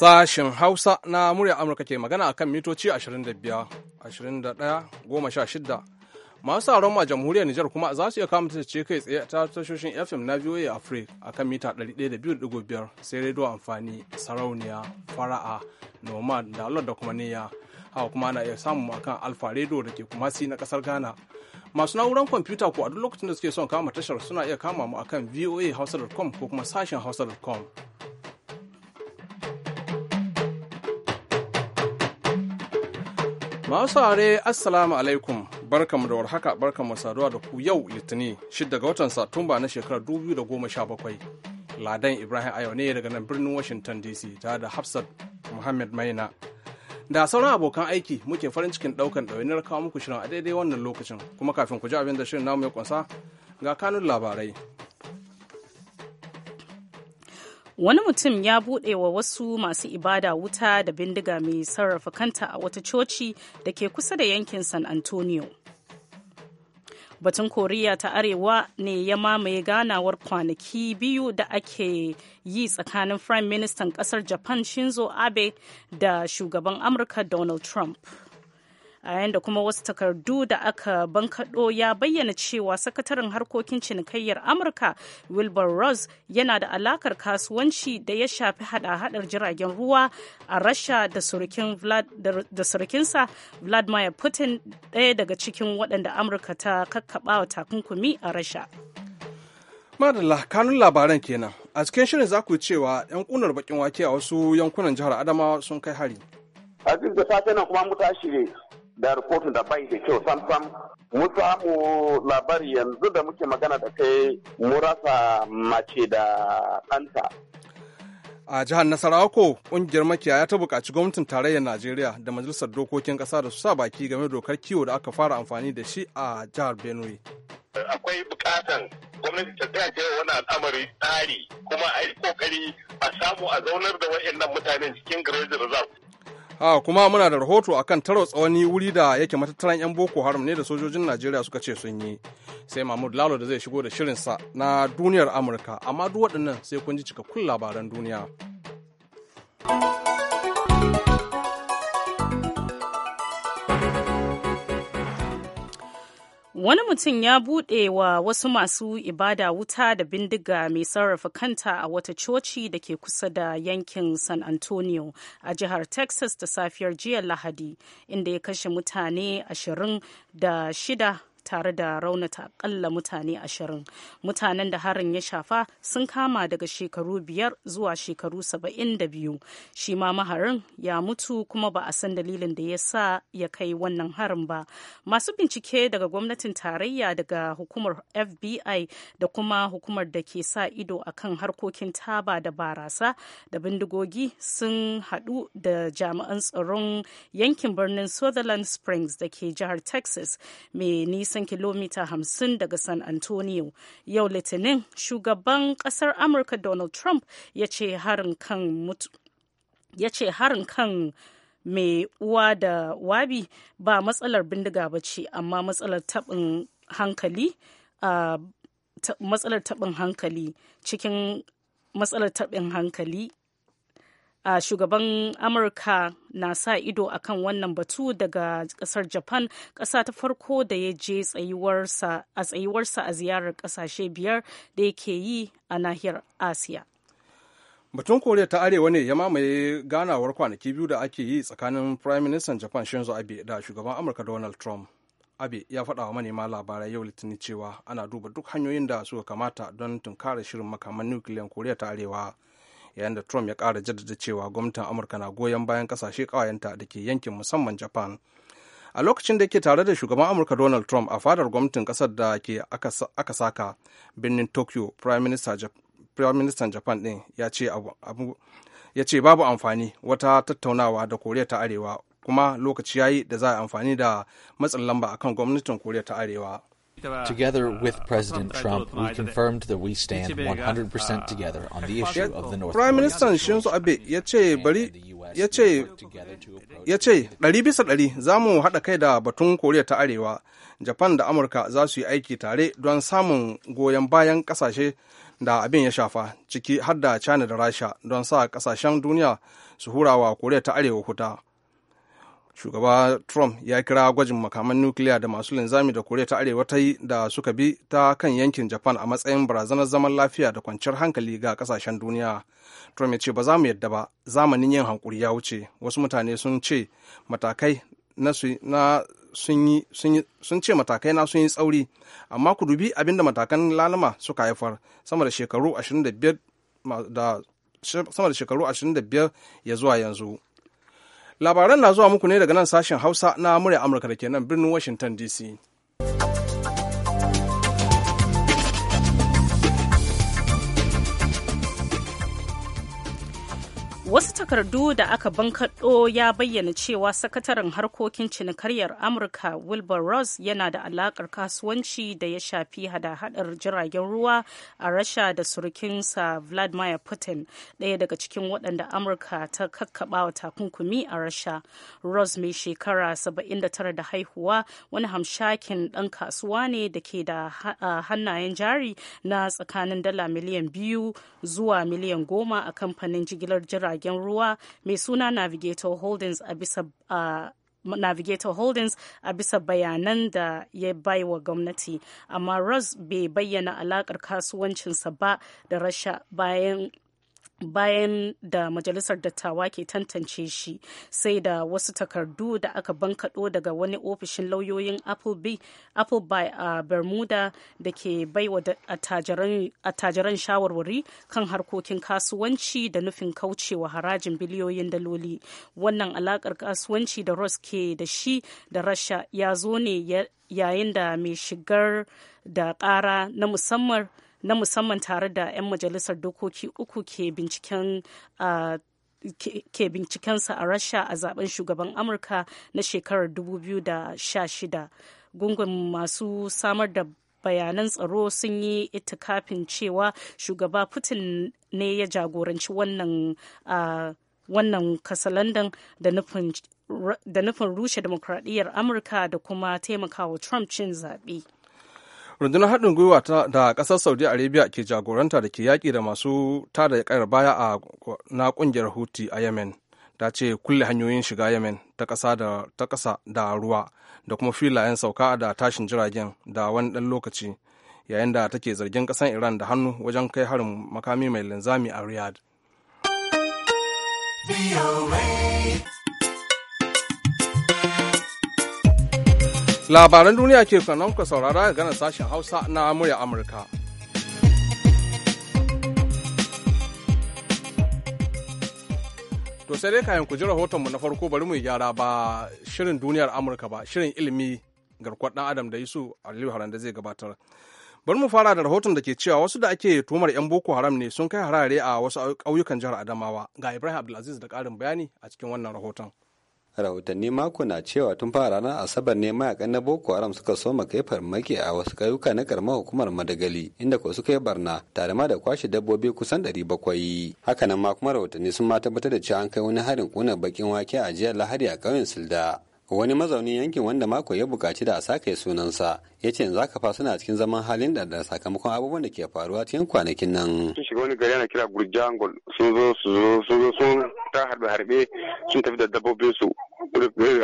Sashen Hausa na murya Amurka ke magana akan mitoci 25, 21, 16. Masu sauran ma jamhuriyar Nijar kuma za su iya kama ce kai tsaye ta tashoshin FM na VOA Africa akan mita 102.5 sai rediyo amfani sarauniya fara'a nomad da Allah da kuma niyya. Hawa kuma na iya samun akan Alfa Radio da ke kumasi na kasar Ghana. masu na'uran kwamfuta ko a duk lokacin da suke son kama tashar suna iya kama mu akan hausa.com ko kuma sashen hausa.com Masu saurare Assalamu alaikum barkamu da warhaka barkamu saduwa da ku yau Litinin 6 ga watan Satumba na shekarar 2017. Ladan Ibrahim Ayo ne daga nan birnin Washington DC tare da Hafsat Muhammad Maina. Da sauran abokan aiki muke farin cikin daukan ɗawainiyar kawo muku shirin a daidai wannan lokacin kuma kafin ku ji abin da shirin namu ya kunsa ga kanun labarai. wani mutum ya buɗe wa wasu masu ibada wuta da bindiga mai sarrafa kanta a wata coci da ke kusa da yankin san antonio batun koriya ta arewa ne ya mamaye ganawar kwanaki biyu da ake yi tsakanin prime ministan kasar japan shinzo abe da shugaban amurka donald trump a yayin da kuma wasu takardu da aka bankaɗo ya bayyana cewa sakataren harkokin cinikayyar amurka wilbur ross yana da alakar kasuwanci da ya shafi hada-hadar jiragen ruwa a rasha da surukinsa vladimir putin ɗaya daga cikin waɗanda amurka ta kakkaɓa wa takunkumi a rasha madalla kanun labaran kenan a cikin shirin za ku cewa 'yan kunar bakin wake a wasu yankunan jihar adamawa sun kai hari a da safe nan kuma mu ne da rikotun da bai da kyau sam-sam mu samu labari yanzu da muke magana da kai murasa mace da ɗanta. a jihar nasarawa ko kungiyar makiyaya ta buƙaci gwamnatin tarayyar najeriya da majalisar dokokin ƙasa da su sa baki game da dokar kiwo da aka fara amfani da shi a jihar benue akwai buƙatan gwamnati ta taya ta wani al'amari tsari kuma a yi ƙoƙari a samu a zaunar da wa'annan mutanen cikin grazing reserve a kuma muna da rahoto akan taro tsawani wuri da yake matattaran 'yan boko haram ne da sojojin najeriya suka ce sun yi sai mahmud lalo da zai shigo da shirinsa na duniyar amurka amma duk waɗannan sai kun ji cikakkun labaran duniya. wani mutum ya buɗe wa wasu masu ibada wuta da bindiga mai sarrafa kanta a wata coci da ke kusa da yankin san antonio a jihar texas da safiyar jiya lahadi inda ya kashe mutane ashirin da shida tare da raunata ƙalla mutane ashirin mutanen da harin ya shafa sun kama daga shekaru biyar zuwa shekaru saba'in da biyu shi ma maharin ya mutu kuma ba a san dalilin da ya sa ya kai wannan harin ba masu bincike daga gwamnatin tarayya daga hukumar fbi da kuma hukumar da ke sa ido a kan harkokin taba da barasa da bindigogi sun haɗu da jami'an tsaron yankin birnin sutherland springs da ke jihar texas mai nisa nisan kilomita hamsin daga San Antonio. Yau Litinin, shugaban kasar Amurka Donald Trump ya ce harin kan mai uwa da wabi ba matsalar bindiga ba ce amma matsalar taɓin hankali matsalar taɓin hankali cikin matsalar taɓin hankali a shugaban amurka na sa ido akan wannan batu daga kasar japan kasa ta farko da ya je a tsayuwarsa a ziyarar kasashe biyar da yake yi a nahiyar asiya batun koriya ta arewa ne ya mamaye ganawar kwanaki biyu da ake yi tsakanin prime minister japan shinzo abe da shugaban amurka donald trump abe ya faɗa wa manema labarai yau litinin cewa ana duba duk hanyoyin da suka kamata don tunkara shirin makaman nukiliyan koriya ta arewa yayin da trump ya ƙara jaddada cewa gwamnatin amurka na goyon bayan ƙasashe ƙawayenta da ke yankin musamman japan a lokacin da ke tare da shugaban amurka donald trump a fadar gwamnatin ƙasar da ke aka saka birnin tokyo prime minister japan ɗin ya ce abu ya ce babu amfani wata tattaunawa da koriya ta arewa kuma lokaci yayi da za a amfani da matsin lamba akan gwamnatin koriya ta arewa Together with President Trump, we confirmed that we stand 100% together on the issue of the North Prime Minister Shinzo ɗari bisa ɗari za haɗa kai da batun Koriya ta Arewa, Japan da Amurka za su yi aiki tare don samun goyon bayan ƙasashe da abin ya shafa ciki har da China da Rasha don sa ƙasashen duniya su hurawa Koriya ta Arewa huta. shugaba trump ya kira gwajin makaman nukiliya da masu linzami da koriya ta arewa ta yi da suka bi ta kan yankin japan a matsayin barazanar zaman lafiya da kwanciyar hankali ga kasashen duniya trump ya ce ba za mu yadda ba zamanin yin hankuri ya wuce wasu mutane sun ce matakai na sun ce matakai na sun yi tsauri amma ku dubi abin da matakan lalama suka haifar sama da shekaru 25 ya zuwa yanzu labaran na zuwa muku ne daga nan sashen hausa na murya amurka da ke nan birnin washington dc wasu takardu da aka bankaɗo ya bayyana cewa sakataren harkokin cinikaryar amurka wilbur ross yana da alakar kasuwanci da ya shafi hada-hadar jiragen ruwa a rasha da surukinsa vladimir putin ɗaya daga cikin waɗanda amurka ta kakkaɓawa takunkumi a rasha ross mai shekara 79 da haihuwa wani hamshakin ɗan kasuwa ne da ke da hannayen jari na tsakanin dala miliyan biyu zuwa miliyan goma a kamfanin jigilar jiragen jiragen ruwa mai suna navigator holdings a bisa Navigator Holdings a bisa bayanan da ya bai wa gwamnati, amma Ross bai bayyana alaƙar kasuwancinsa ba da Rasha bayan bayan da majalisar dattawa ke tantance shi sai da wasu takardu da aka bankaɗo daga wani ofishin lauyoyin appleby a bermuda da ke baiwa attajiran shawarwari kan harkokin kasuwanci da nufin kaucewa harajin biliyoyin daloli wannan alakar kasuwanci da ross ke da shi da rasha ya zo ne yayin da mai shigar da ƙara na musamman na musamman tare da 'yan majalisar dokoki uku ke binciken ke bincikensa a rasha a zaben shugaban amurka na shekarar 2016 gungun masu samar da bayanan tsaro sun yi itikafin cewa shugaba putin ne ya jagoranci wannan wannan kasalandan da nufin rushe demokradiyyar amurka da kuma taimakawa trump cin zaɓe. rundunar haɗin gwiwa da ƙasar saudi arabia ke jagoranta da ke yaƙi da masu tada ƙayar baya a na ƙungiyar huti a yemen ta ce kulle hanyoyin shiga yemen ta ƙasa da ruwa da kuma filayen sauka da tashin jiragen da wani ɗan lokaci yayin da take zargin ƙasar iran da hannu wajen kai harin makami mai linzami a riyadh labaran duniya ke kanan ku saurara ganin sashen hausa na murya amurka to sai dai kayan ku ji rahotonmu na farko bari mu yi gyara ba shirin duniyar amurka ba shirin ilimi garkuwar dan adam da yusuf aliyu haran da zai gabatar bari mu fara da rahoton da ke cewa wasu da ake tumar yan boko haram ne sun kai harare a wasu ƙauyukan jihar adamawa ga ibrahim abdulaziz da ƙarin bayani a cikin wannan rahoton rahotanni mako na cewa tun fara ranar asabar ne mayakan na boko haram suka soma kai farmaki a wasu ƙauyuka na karamar hukumar madagali inda ko suka yi barna tare ma da kwashe dabbobi kusan 700 hakanan ma kuma rahotanni sun ma tabbatar da cewa an kai wani harin kuna bakin wake a jiya lahadi a ƙauyen silda wani mazaunin yankin wanda mako ya bukaci da a sake sunansa ya ce yanzu fa suna cikin zaman halin da sakamakon abubuwan da ke faruwa cikin kwanakin nan. sun shiga wani gari ana kira gurjangol sun zo sun zo sun ta harbe harbe sun tafi da dabbobin su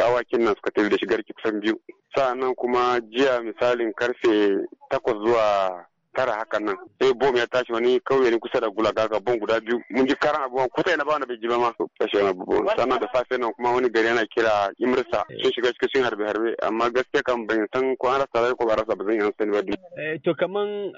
awakin nan suka tafi da shigar kusan biyu sa'annan kuma jiya misalin karfe takwas zuwa tara hakan nan sai bom ya tashi wani kauye ne kusa da gulaga ga bom guda biyu mun ji karan abubuwan kusa yana ba wani bai ji ma tashi wani abubuwan sannan da safe nan kuma wani gari yana kira imrisa eh. sun shiga cikin sun harbe harbe amma gaskiya kan ban san ko an rasa ko ba rasa ba zan yi sani ba duk. Eh, to kaman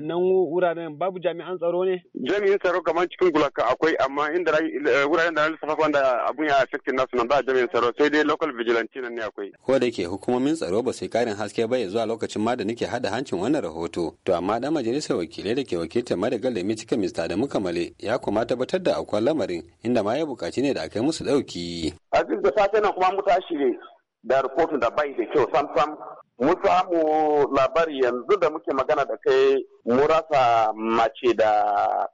nan wuraren babu jami'an tsaro ne. jami'an tsaro kaman cikin gulaga akwai amma inda eh, wuraren da na lissafa wanda abun ya affecting nasu nan ba jami'an tsaro sai dai local vigilante nan ne akwai. ko da ke hukumomin tsaro ba sai karin haske ba ya zuwa lokacin ma da nake hada hancin wannan rahoto to amma Na majalisar wakilai da ke wakiltar madagal da cika mista da Kamale ya kuma tabbatar da akwai lamarin inda ma ya bukaci ne da aka yi musu dauki Aziz da safe nan kuma mu tashi ne da rikotun da bai da kyau sam sam Mu samu labari yanzu da muke magana da kai mu rasa mace da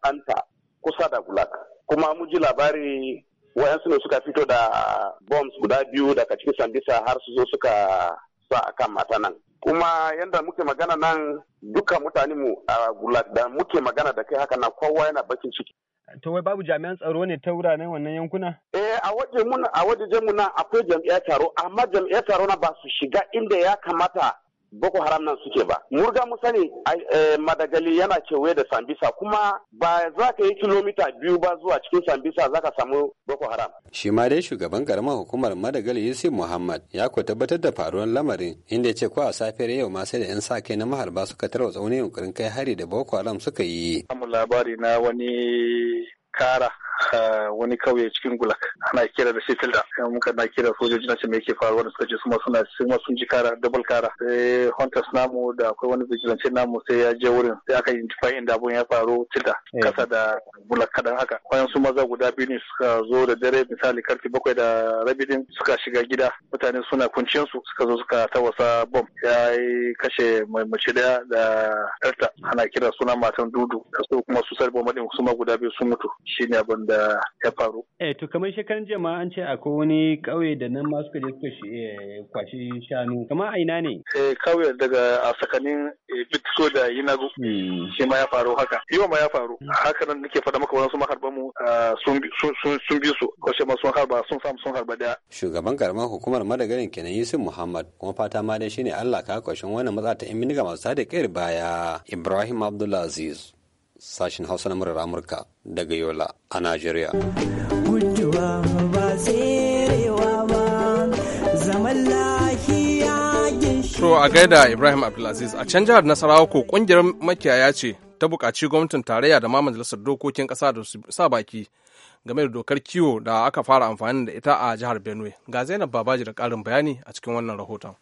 ɗanta kusa da gulak kuma mu ji labari wayansu ne suka fito da bombs guda biyu daga cikin sandisa har su zo suka sa akan mata nan kuma yadda muke magana nan duka mutane mu a gula da muke magana da kai haka na kowa yana bakin ciki to wai babu jami'an tsaro ne ta wuraren wannan yankuna eh a waje mun a waje mu nan akwai jami'an tsaro amma jami'an taro na ba su shiga inda ya kamata boko haram nan suke ba murga mu sani eh, madagali yana kewaye da sambisa kuma ba za ka yi kilomita biyu ba zuwa cikin sambisa za ka samu boko haram shi ma dai shugaban karamar hukumar madagali yusuf muhammad ya ko tabbatar da faruwar lamarin inda ce ko a safiyar yau ma sai da yan sa kai na maharba suka tarwa tsaunin yunkurin kai hari da boko haram suka yi. samun labari na wani kara Eh, wani kauye cikin gulak ana kira da sitilda muka na kira sojoji na ce me yake faruwa da suka ce suma suna su sun ji kara double kara sai hunters namu da akwai wani vigilance namu sai ya je wurin sai aka identify inda abun ya faru tilda eh. kasa da gulak kadan haka Kwayan su maza guda biyu ne suka zo da dare misali karfe bakwai da rabidin din suka shiga gida mutane suna kunciyar su suka zo suka tawasa bom ya yi kashe mai mace daya da ɗarta ana kira suna matan dudu da su kuma su sarbo maɗin su ma guda biyu sun mutu shine abin da ya faru. Eh to kamar shekaran jama'a an ce akwai wani kauye da nan ma suka je suka eh, kwashi shanu Kama a ina ne? Eh ƙauye daga a tsakanin eh, Bitso da Yinagu hmm. shi ma ya faru haka. Yiwa ma ya faru. Hmm. Haka nan nake faɗa maka wani su maharba mu ah, sun bi su ko ma sun harba sun samu sun harba da. Shugaban karamar hukumar madagarin kenan Yusuf Muhammad kuma fata ma dai shine Allah ka kwashin wannan matsa ta 'yan bindiga masu sada kai baya Ibrahim Abdulaziz. sashen hausa na murar amurka daga yola a najeriya guduwa ba tserewa ba zaman to a gaida ibrahim abdulaziz a can jihar nasarawa ko kungiyar makiyaya ce ta bukaci gwamnatin tarayya da ma majalisar dokokin kasa da su sa baki game da dokar kiwo da aka fara amfani da ita a jihar benue ga zainab babaji da karin bayani a cikin wannan rahoton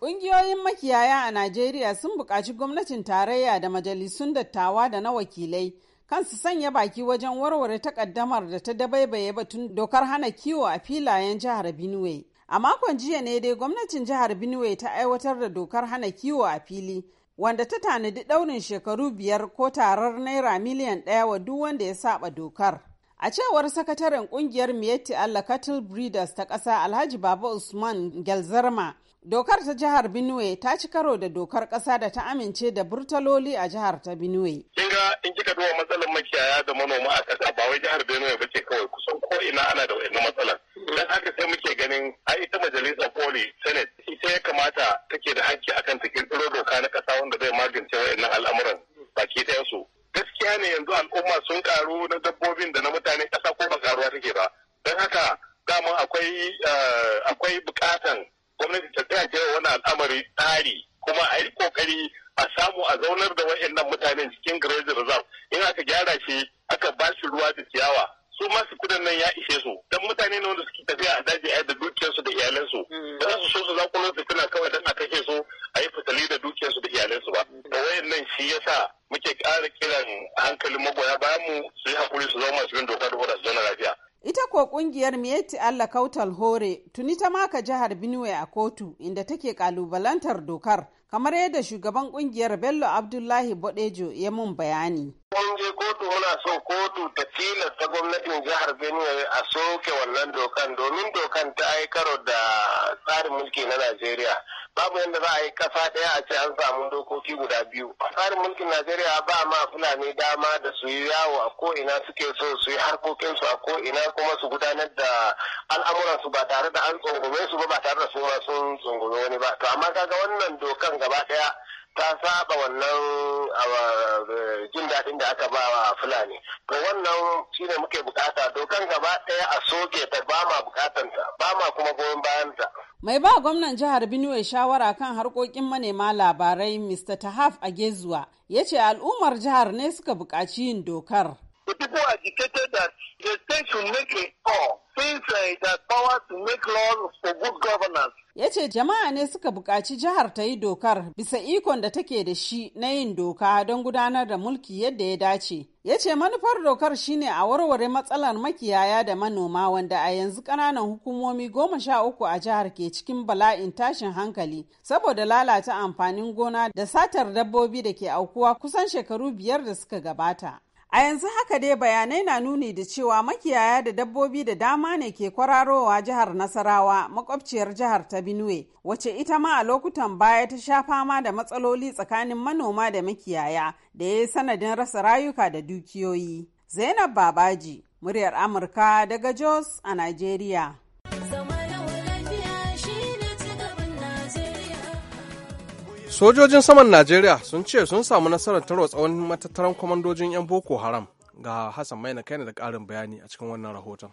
Ƙungiyoyin makiyaya a Najeriya sun buƙaci gwamnatin tarayya da majalisun dattawa da na wakilai kansu sanya baki wajen warware takaddamar da ta dabaibaye batun dokar hana kiwo a filayen jihar Benue. A makon jiya ne dai gwamnatin jihar Benue ta aiwatar da dokar hana kiwo a fili wanda ta tanadi ɗaurin shekaru biyar ko tarar naira miliyan ɗaya wa duk wanda ya saba dokar. A cewar sakataren ƙungiyar Miyetti Allah Cattle Breeders ta ƙasa Alhaji Baba Usman Gelzarma Dokar ta jihar binue ta ci karo da dokar ƙasa da ta amince da burtaloli a jihar ta binue. Kin ga in kika duba matsalar makiyaya da manoma a ƙasa ba wai jihar Benue ba ce kawai kusan ko ina ana da wannan matsalar. Dan haka sai muke ganin a ita majalisar koli Senate ita ya kamata take da hakki akan ta kirkiro doka na ƙasa wanda zai magance wayannan al'amuran baki ɗaya su. Gaskiya ne yanzu al'umma sun karu na dabbobin da na mutane ƙasa ko ba karuwa take ba. dan haka daman akwai eh, akwai buƙatan gwamnati ta taya kai wani al'amari tsari kuma a yi kokari a samu a zaunar da wa'annan mutanen cikin grazing reserve in aka gyara shi aka ba shi ruwa da ciyawa su masu kudin nan ya ishe su dan mutane ne wanda suke tafiya a daji a yadda kungiyar Miyetti Allah Kautal Hore tuni ta maka jihar Benue a kotu inda take kalubalantar dokar kamar yadda shugaban kungiyar Bello Abdullahi Bodejo ya mun bayani. mun je kotu muna so kotu ta tilasta gwamnatin jihar Benue a soke wannan dokan domin dokan ta yi karo da tsarin mulki na Najeriya. Babu yadda za a yi kasa daya a ce an samu dokoki guda biyu. Tsarin mulkin Najeriya ba ma Fulani dama da su yi yawo a ko'ina suke so su yi harkokinsu a ko'ina kuma su gudanar da al'amuransu ba tare da an tsungume su ba ba tare da su ma sun tsungume wani ba. To amma kaga wannan dokan gaba ɗaya ta saba wannan uh, jin daɗin da aka ba wa fulani to wannan shi ne muke bukata dokan gaba ɗaya a soke ta ba ma bukatanta ba ma kuma goyon bayanta mai ba gwamnan jihar benue shawara kan harkokin manema labarai mr tahaf agezuwa ya ce al'ummar jihar ne suka buƙaci yin dokar The people are educated that the state should make a call, since uh, it has power to make laws for good governance. ya ce jama'a ne suka buƙaci jihar ta yi dokar bisa ikon da take da shi na yin doka don gudanar da mulki yadda ya dace ya ce manufar dokar shine a warware matsalar makiyaya da manoma wanda a yanzu ƙananan hukumomi goma sha uku a jihar ke cikin bala'in tashin hankali saboda lalata amfanin gona da satar dabbobi da ke aukuwa kusan shekaru biyar da suka gabata A yanzu haka dai bayanai na nuni da cewa makiyaya da dabbobi da dama ne ke kwararowa jihar Nasarawa makwabciyar jihar ta Benue wace ita ma a lokutan baya ta sha fama da matsaloli tsakanin manoma da makiyaya da ya yi sanadin rasa rayuka da dukiyoyi. Zainab Babaji, muryar Amurka daga Jos a Najeriya. sojojin saman najeriya sun ce sun samu nasarar tarwa tsawon matattaran kwamandojin 'yan boko haram ga hassan maina kaina da karin bayani a cikin wannan rahoton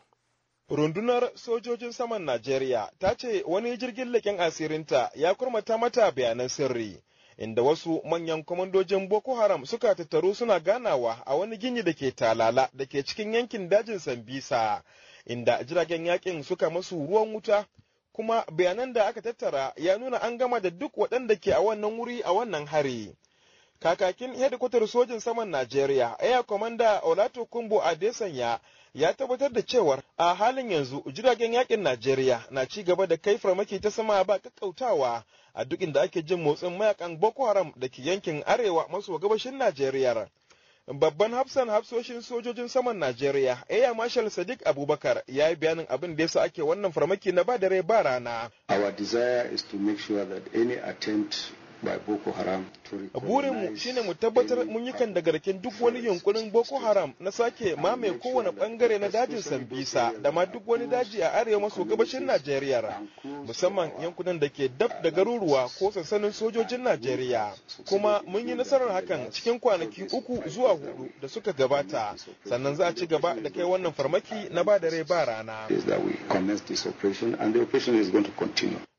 Rundunar sojojin saman Najeriya ta ce wani jirgin leƙen asirinta ya kurmata mata bayanan sirri, inda wasu manyan kwamandojin Boko Haram suka tattaru suna ganawa a wani gini da ke talala da ke cikin yankin dajin Sambisa, inda jiragen yakin suka masu ruwan wuta kuma bayanan da aka tattara ya nuna an gama da duk waɗanda ke a wannan wuri a wannan hari. Kakakin hedikwatar sojin saman Najeriya, Air Commander Olato Kumbo Adesanya ya tabbatar da cewar a halin yanzu jiragen yakin Najeriya na ci gaba da kai farmaki ta sama ba kakkautawa a duk inda ake jin motsin mayakan Boko Haram da ke yankin arewa maso gabashin Najeriya. Babban hafsan hafsoshin sojojin saman Najeriya, Air Marshal Sadiq Abubakar, ya yi bayanin abin da ya sa ake wannan farmaki na ba da rai ba rana. Our desire is to make sure that any attempt burinmu shine mu tabbatar mun yi kan dagarkin duk wani yunkurin boko haram na sake mamaye kowane bangare na dajin sambisa da ma duk wani daji a arewa maso gabashin najeriya musamman yankunan da ke dab uh, da garuruwa ko sansanin sojojin najeriya kuma mun yi nasarar hakan cikin kwanaki uku zuwa hudu da suka gabata sannan za a ci gaba da kai wannan uh, farmaki na ba da rai ba rana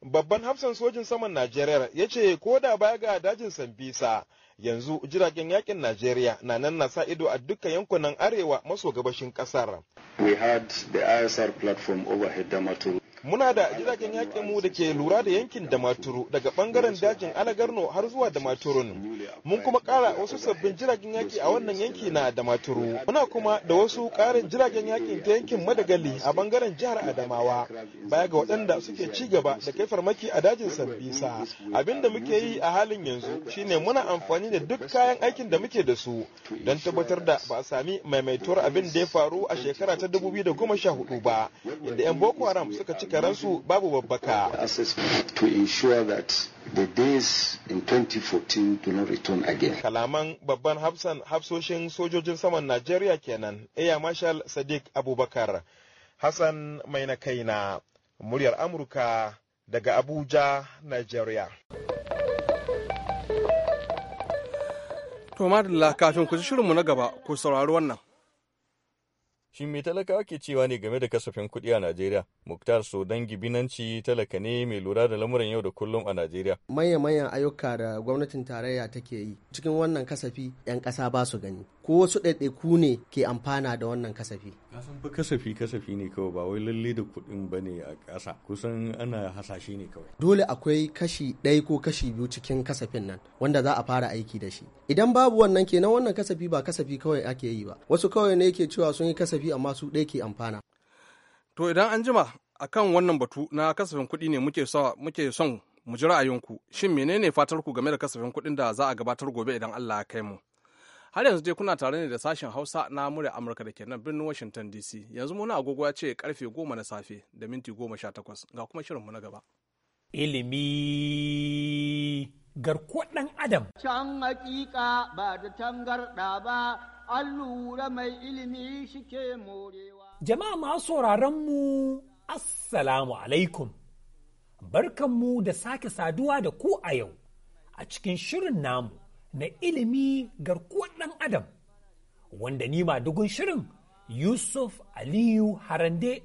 babban hafsan sojin saman Najeriya ya ce ko da baya ga dajin Sambisa yanzu jiragen yakin Najeriya na nan na sa ido a dukkan yankunan arewa maso gabashin kasar. We had the ISR platform overhead muna da jiragen yakin mu da ke lura da yankin damaturu daga bangaren dajin alagarno har zuwa damaturun mun kuma kara wasu sabbin jiragen yaki a wannan yanki na da maturu muna kuma da wasu karin jiragen yakin ta yankin madagali a bangaren jihar adamawa baya ga waɗanda suke ci gaba da kai farmaki a dajin sambisa da muke yi a halin yanzu shine muna amfani da duk kayan aikin da muke da su don tabbatar da ba a sami maimaituwar abin da ya faru a shekara ta dubu biyu da goma sha hudu ba inda 'yan boko haram suka cika karansu babu babbaka. to that the days in again. Kalaman babban hafsan hafsoshin sojojin saman Najeriya kenan, Air Marshal Sadiq Abubakar. Hassan mai na muryar Amurka daga Abuja, Najeriya. To madalla kafin ku ji shirinmu na gaba ku saurari wannan. Shin mai talaka ake cewa ne game da kasafin kuɗi a Najeriya? Muktar so don gibinanci talaka ne mai lura da lamuran yau da kullum a Najeriya. Manya manyan ayyuka da gwamnatin tarayya take yi cikin wannan kasafi 'yan ƙasa ba su gani. Ko wasu ɗaiɗaiku ne ke amfana da wannan kasafi. Kasan fi kasafi kasafi ne kawai ba wai lalle da kuɗin ba ne a ƙasa kusan ana hasashe ne kawai. Dole akwai kashi ɗaya ko kashi biyu cikin kasafin nan wanda za a fara aiki da shi. Idan babu wannan kenan wannan kasafi ba kasafi kawai ake yi ba. Wasu kawai ne ke cewa sun yi kasafi biyu amma su ɗaya ke amfana to idan an jima akan wannan batu na kasafin kuɗi ne muke muke son mu ji ra'ayinku shin menene fatar ku game da kasafin kuɗin da za a gabatar gobe idan Allah ya kai mu har yanzu dai kuna tare ne da sashen hausa na murya amurka da ke nan birnin washington dc yanzu muna agogo ya ce karfe goma na safe da minti goma sha takwas ga kuma shirin mu na gaba ilimi garkuwar ɗan adam. Can hakika ba da tangarɗa ba, an lura mai ilimi shi ke morewa. Jama'a masu sauraronmu, mu, Assalamu alaikum. Barkanmu da sake saduwa da ku a yau, a cikin shirin namu na ilimi garkuwar ɗan adam, wanda ni dugun shirin Yusuf Aliyu Harande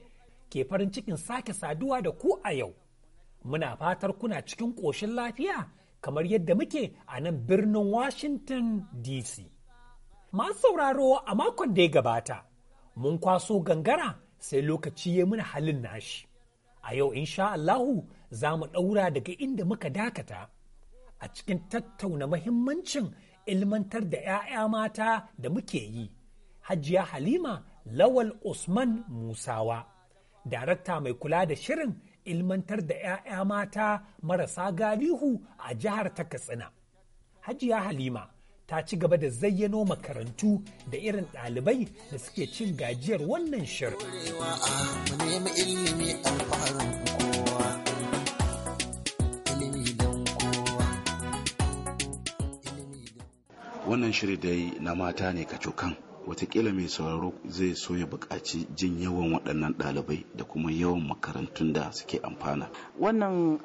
ke farin cikin sake saduwa da ku a yau. Muna fatar kuna cikin ƙoshin lafiya. kamar yadda muke a nan birnin Washington DC. Masu sauraro a makon da ya gabata, mun kwaso gangara sai lokaci ya muna halin nashi. A yau insha Allahu za mu ɗaura daga inda muka dakata a cikin tattauna mahimmancin ilmantar da 'ya'ya mata da muke yi. Hajiya Halima Lawal Usman Musawa, darakta mai kula da shirin ilmantar da 'ya'ya mata marasa galihu a jihar ta katsina hajiya halima ta ci gaba da zayyano makarantu da irin ɗalibai da suke cin gajiyar wannan shirin wannan shiri dai na mata ne kacokan watakila mai sauraro zai so ya buƙaci jin yawan waɗannan ɗalibai da kuma yawan makarantun da suke amfana wannan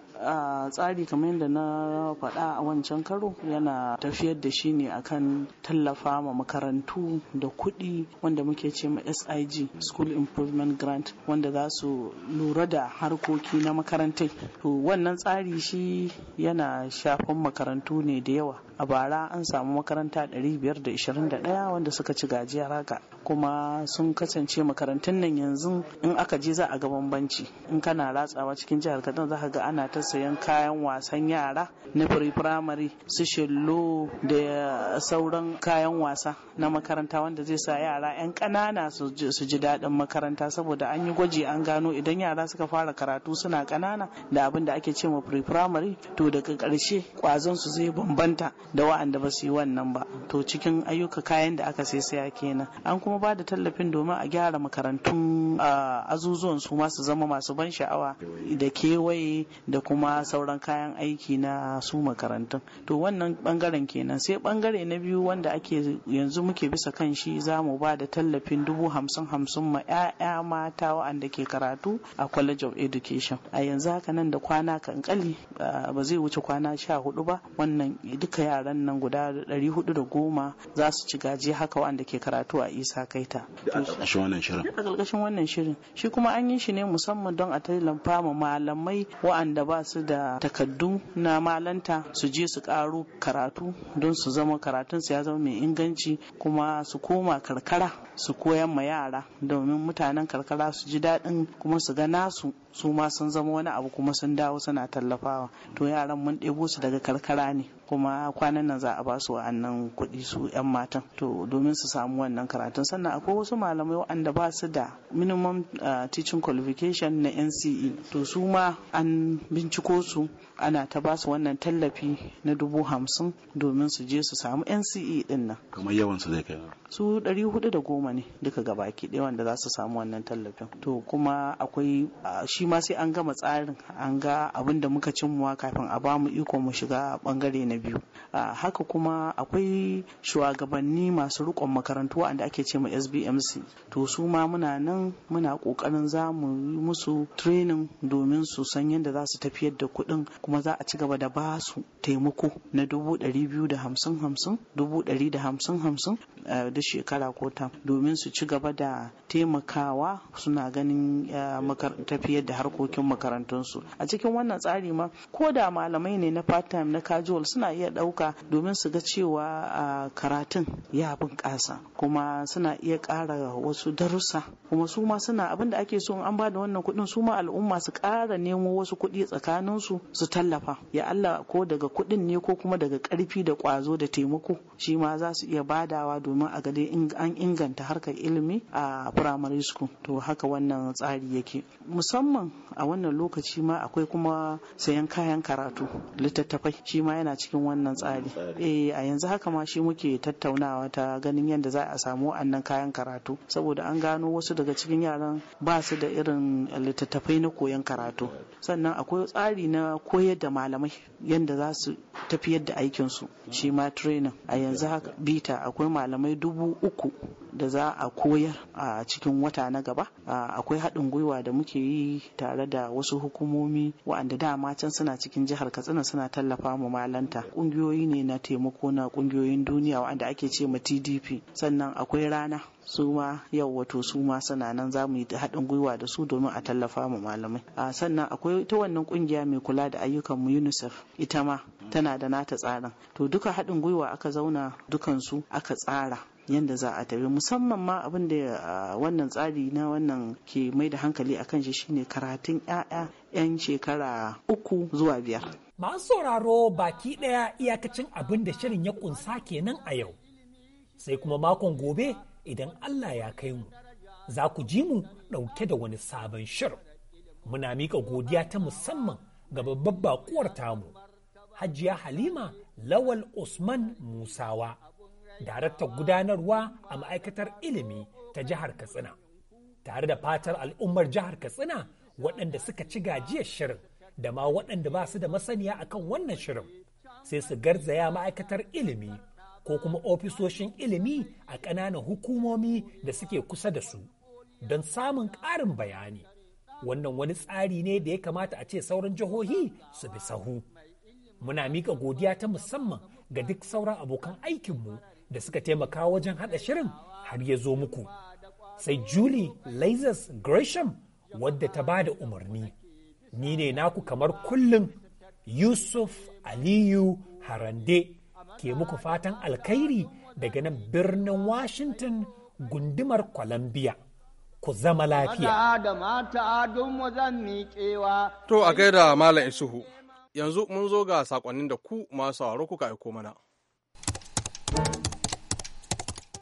tsari kamar yadda na faɗa a wancan karo yana tafiyar da shi ne akan tallafa ma makarantu da kuɗi wanda muke ce ma sig school improvement grant wanda za su lura da harkoki na makarantai to wannan tsari shi yana shafan makarantu ne da yawa a bara an samu makaranta 521 wanda suka ci gajiyar haka kuma sun kasance makarantun nan yanzu in aka je za a ga bambanci in kana ratsawa cikin jihar kaduna za ka ga ana ta sayan kayan wasan yara na firamare su shillo da sauran kayan wasa na makaranta wanda zai sa yara 'yan ƙanana su ji daɗin makaranta saboda an yi gwaji an gano idan yara suka fara karatu suna ƙanana da abin da ake ce ma firamare to daga ƙarshe ƙwazon su zai bambanta da wa'anda ba su yi wannan ba to cikin ayyuka kayan da aka sai saya kenan an kuma ba da tallafin domin a gyara makarantun azuzuwan su masu zama masu ban sha'awa da kewaye da kuma sauran kayan aiki na su makarantun to wannan bangaren kenan sai bangare na biyu wanda ake yanzu muke bisa kan shi za mu ba da tallafin dubu hamsin hamsin ma 'ya'ya mata wa'anda ke karatu a college of education a yanzu haka nan da kwana kankali ba zai wuce kwana sha hudu ba wannan duka ya yaran nan guda hudu da goma za su ci gaji haka wanda ke karatu a isa kaita a ƙarƙashin wannan shirin shi kuma an yi shi ne musamman don a tallafa ma malamai wa'anda ba su da takaddu na malanta su je su ƙaro karatu don su zama karatun su ya zama mai inganci kuma su koma karkara su koyan ma yara domin mutanen karkara su ji daɗin kuma su ga nasu su ma sun zama wani abu kuma sun dawo suna tallafawa to yaran mun ɗebo su daga karkara ne kuma kwanan nan za a ba su wa'annan kuɗi su 'yan matan to domin su samu wannan karatun sannan akwai wasu malamai waɗanda ba su da minimum ah, teaching qualification na nce to su ma an binciko su ana ta ba su wannan tallafi na dubu hamsin domin su je su samu nce din nan kamar yawan su zai kai su ɗari hudu da goma ne duka ga baki ɗaya wanda za su samu wannan tallafin to kuma akwai shi ma sai an gama tsarin an ga abin da muka cimmuwa kafin a bamu iko mu shiga bangare na biyu haka kuma akwai shugabanni masu rikon makarantu wanda ake ce ma sbmc to su ma muna nan muna kokarin za mu yi musu training domin su san yadda za su tafiyar da kuɗin kuma za a ci gaba da ba su taimako na dubu ɗari biyu da hamsin hamsin dubu ɗari da hamsin hamsin eh, da shekara ko ta domin su ci gaba da taimakawa suna ganin eh, tafiyar da harkokin makarantunsu a cikin wannan tsari ma ko da malamai ne na part time na casual suna iya ɗauka domin su ga cewa ah, karatun ya bunƙasa kuma suna iya ƙara wasu darussa kuma su ma suna abin da ake so an ba da wannan kuɗin su ma al'umma su ƙara nemo wasu kuɗi tsakaninsu su tallafa ya Allah ko daga kuɗin ne ko kuma daga karfi da kwazo da taimako shi ma za su iya badawa domin a gade an inganta harkar ilimi a primary school to haka wannan tsari yake musamman a wannan lokaci ma akwai kuma sayan kayan karatu littattafai shi ma yana cikin wannan tsari eh a yanzu haka ma shi muke tattaunawa ta ganin yadda za a samu wannan kayan karatu saboda an gano wasu daga cikin yaran ba su da irin littattafai na koyon karatu sannan akwai tsari na koi. koyar da malamai yadda za su tafiyar da aikinsu shi ma training a yanzu haka bita akwai malamai dubu uku da za a koyar a cikin wata na gaba akwai haɗin gwiwa da muke yi tare da wasu hukumomi wa'anda dama can suna cikin jihar katsina suna tallafa mu malanta ƙungiyoyi ne na taimako na ƙungiyoyin duniya wa'anda ake ce ma tdp sannan akwai rana su ma yau wato su ma suna nan za mu yi haɗin gwiwa da su domin a tallafa mu malamai a sannan akwai ta wannan kungiya mai kula da ayyukan mu unicef ita ma tana da nata tsarin to duka haɗin gwiwa aka zauna dukansu aka tsara yadda za a tafi musamman ma abin da wannan tsari na wannan ke mai da hankali akan shi shine karatun 'ya'ya 'yan shekara uku zuwa biyar. Masu sauraro baki ɗaya iyakacin abin da shirin ya kunsa kenan a yau. Sai kuma makon gobe idan Allah ya kai mu, za ku ji mu ɗauke da wani sabon shirin. Muna miƙa godiya ta musamman ga babbar baƙuwar tamu, Hajiya Halima Lawal Usman Musawa. daraktar gudanarwa a ma'aikatar ilimi ta jihar katsina tare da fatar al'ummar jihar katsina waɗanda suka ci gajiyar shirin da ma waɗanda ba su da masaniya akan wannan shirin sai su garzaya ma'aikatar ilimi ko kuma ofisoshin ilimi a ƙananan hukumomi da suke kusa da su don samun ƙarin bayani wannan wani tsari ne da ya kamata a ce sauran jihohi su bi sahu muna miƙa godiya ta musamman ga duk sauran abokan aikinmu da suka taimaka wajen hada shirin har ya zo muku. Sai Julie Lazarus Gresham wadda ta ba da umarni. Ni ne naku kamar kullum Yusuf Aliyu Harande ke muku fatan alkhairi daga nan birnin Washington gundumar Columbia. ku zama lafiya. To a gaida Malam Isuhu, yanzu mun zo ga sakonnin da ku masu sauraro kuka aiko mana.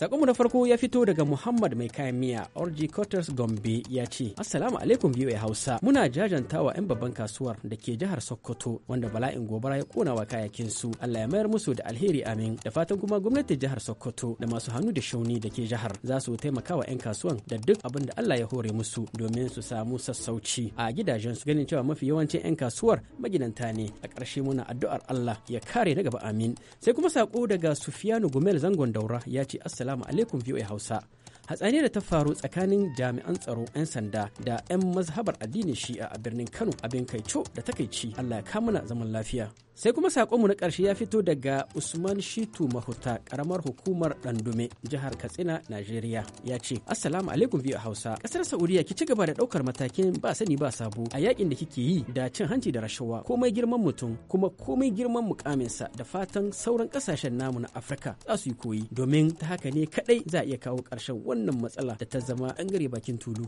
Sakonmu na farko ya fito daga Muhammad mai kayan miya Orji Cotters Gombe ya ce, Assalamu alaikum biyu ya Hausa. Muna jajantawa 'yan babban kasuwar da ke jihar Sokoto wanda bala'in gobara ya kona wa kayakin su. Allah ya mayar musu da alheri amin. Da fatan kuma gwamnatin jihar Sokoto da masu hannu da shauni da ke jihar za su taimaka wa 'yan kasuwan da duk abin da Allah ya hore musu domin su samu sassauci a gidajensu ganin cewa mafi yawancin 'yan kasuwar maginanta ne. A ƙarshe muna addu'ar Allah ya kare na gaba amin. Sai kuma saƙo daga Sufiyanu Gumel Zangon Daura ya ce Assalamu Assalamu alaikum VOA Hausa. hatsani da ta faru tsakanin jami'an tsaro 'yan sanda da 'yan mazhabar addinin shi'a a birnin kano abin kai da takaici allah ya kamuna zaman lafiya sai kuma sakonmu na ƙarshe ya fito daga usman shitu mahuta karamar hukumar dandume jihar katsina nigeria ya ce assalamu alaikum biyu hausa ƙasar saudiya ki ci gaba da ɗaukar matakin ba sani ba sabo a yakin da kike yi da cin hanci da rashawa komai girman mutum kuma komai girman mukaminsa da fatan sauran ƙasashen namu na afirka za su yi koyi domin ta haka ne kaɗai za a iya kawo ƙarshen wannan matsala da ta zama an gare bakin tulu.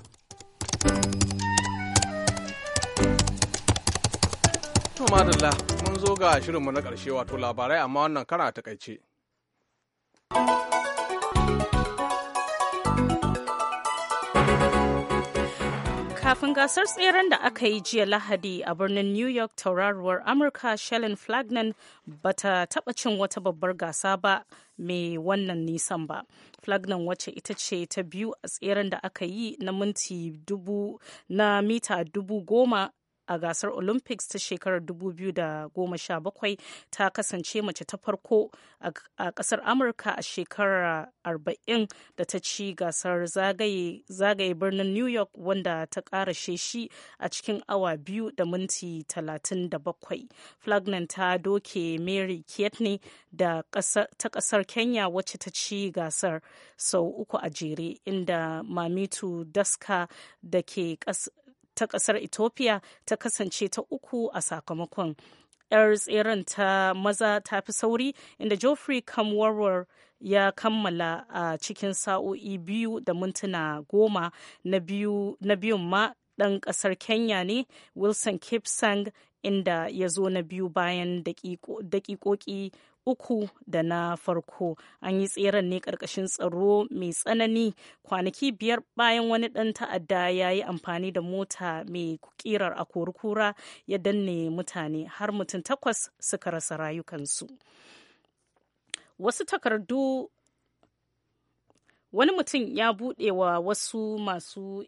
To madalla mun zo ga shirinmu na ƙarshe wato labarai amma wannan kara takaice. Kafin gasar tseren da aka yi jiya Lahadi a birnin New York tauraruwar Amurka shelin Flagnan ta taba cin wata babbar gasa ba mai wannan nisan ba. Flagnan wacce ita ce ta biyu a tseren da aka yi na minti dubu na mita dubu goma a gasar olympics ta shekarar 2017 ta kasance mace ta farko a kasar amurka a shekarar 40 da ta ci gasar zagaye birnin new york wanda ta karashe shi a cikin awa biyu da minti 37 flagnan ta doke mary kietney da ta kasar kenya wacce ta ci gasar sau uku a jere inda mamitu daska da ke ta kasar ethiopia ta kasance ta uku a sakamakon yar tseren ta maza ta fi sauri inda geoffrey kamwarwar ya kammala a cikin sa'o'i biyu da mintuna goma na biyun ma ɗan ƙasar kenya ne wilson kipsang inda ya zo na biyu bayan dakikoki uku da na farko an yi tseren ne karkashin tsaro mai tsanani kwanaki biyar bayan wani dan ta'adda ya yi amfani da mota mai kirar a kura ya danne mutane har mutum takwas suka rasa rayukansu wasu takardu wani mutum ya buɗe wa wasu masu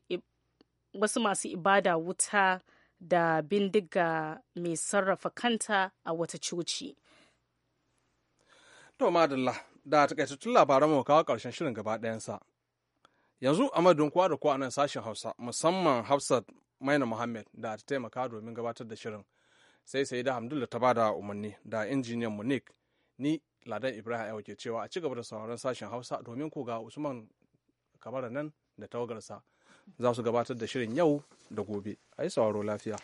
wasu masu ibada wuta da bindiga mai sarrafa kanta a wata coci To madalla da takaitattun labaran mu kawo karshen shirin gaba ɗayansa. Yanzu a madadin kowa da kowa nan sashen Hausa musamman Hafsat Maina Muhammad da ta taimaka domin gabatar da shirin. Sai sai da Hamdulla ta bada umarni da injiniyan mu Nick ni Ladan Ibrahim Ayo ke cewa a ci gaba da sauraron sashen Hausa domin ku ga Usman kamar nan da tawagarsa za su gabatar da shirin yau da gobe. A yi sauraro lafiya.